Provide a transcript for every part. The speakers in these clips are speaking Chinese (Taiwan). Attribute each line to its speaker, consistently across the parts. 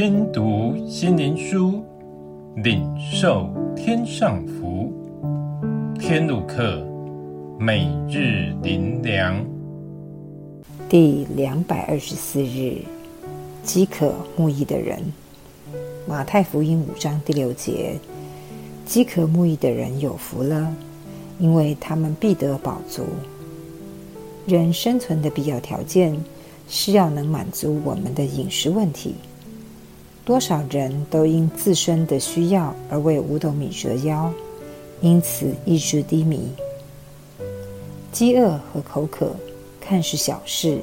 Speaker 1: 聽讀心靈書，領受天上福。天路客每日靈糧，第兩百二十四日，飢渴慕義的人。馬太福音五章第六節：飢渴慕義的人有福了，因為他們必得飽足。人生存的必要條件是要能滿足我們的飲食問題。多少人都因自身的需要而為五斗米折腰，因此意志低迷。飢餓和口渴看似小事，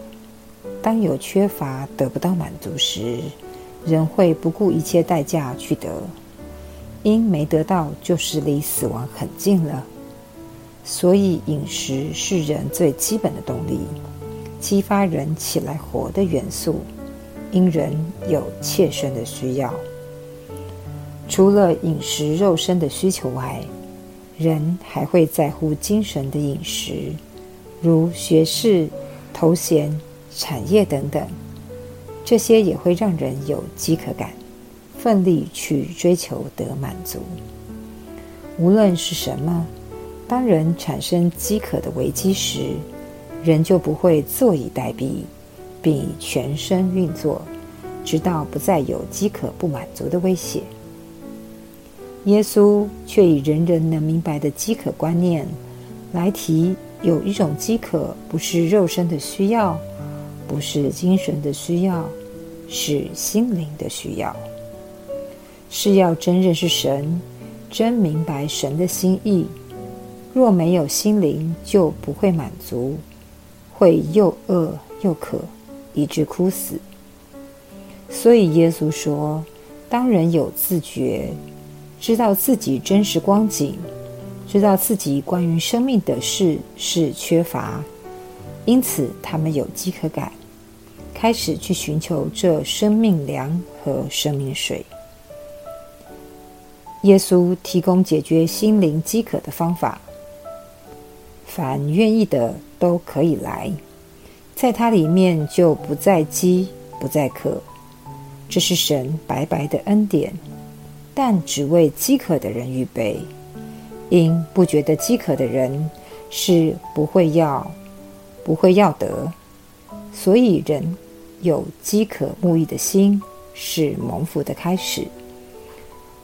Speaker 1: 當有缺乏得不到滿足時，人會不顧一切代價去得，因沒得到就是離死亡很近了。所以飲食是人最基本的動力，激發人起來活的元素。因人有切身的需要，除了飲食肉身的需求外，人還會在乎精神的飲食，如學識、頭銜、產業等等，這些也會讓人有飢渴感，奮力去追求得滿足。無論是什麼，當人產生饑渴的危機時，人就不會坐以待斃。必以全身運作，直到不再有飢渴不滿足的威脅。耶穌卻以人人能明白的飢渴觀念來提：有一種飢渴，不是肉身的需要，不是精神的需要，是心靈的需要，是要真認識神，真明白神的心意。若沒有心靈，就不會滿足，會又餓又渴。以致枯死。所以耶穌說，當人有自覺，知道自己真實光景，知道自己關於生命的事是缺乏，因此他們有飢渴感，開始去尋求這生命糧和生命水。耶穌提供解決心靈飢渴的方法：凡願意的都可以來。在祂裡面就不再飢不再渴，這是神白白的恩典，但只為飢渴的人預備。因不覺得飢渴的人是不會要，不會要得。所以人有飢渴慕義的心，是蒙福的開始。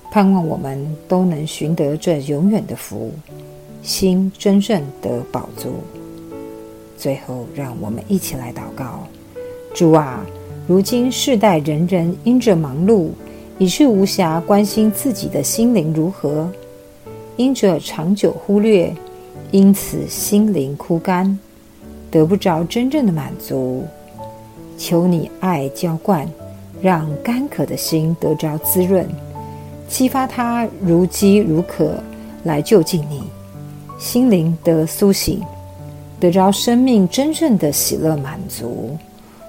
Speaker 1: 盼望我們都能尋得這永遠的福，心真正得飽足。最後，讓我們一起來禱告：主啊，如今世代人人因着忙碌，已是無暇關心自己的心靈如何；因着長久忽略，因此心靈枯乾，得不着真正的滿足。求你愛澆灌，讓乾渴的心得着滋潤，激發它如飢如渴來就近你，心靈得甦醒。得着生命真正的喜樂滿足，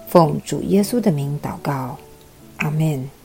Speaker 1: 奉主耶穌的名禱告，阿門。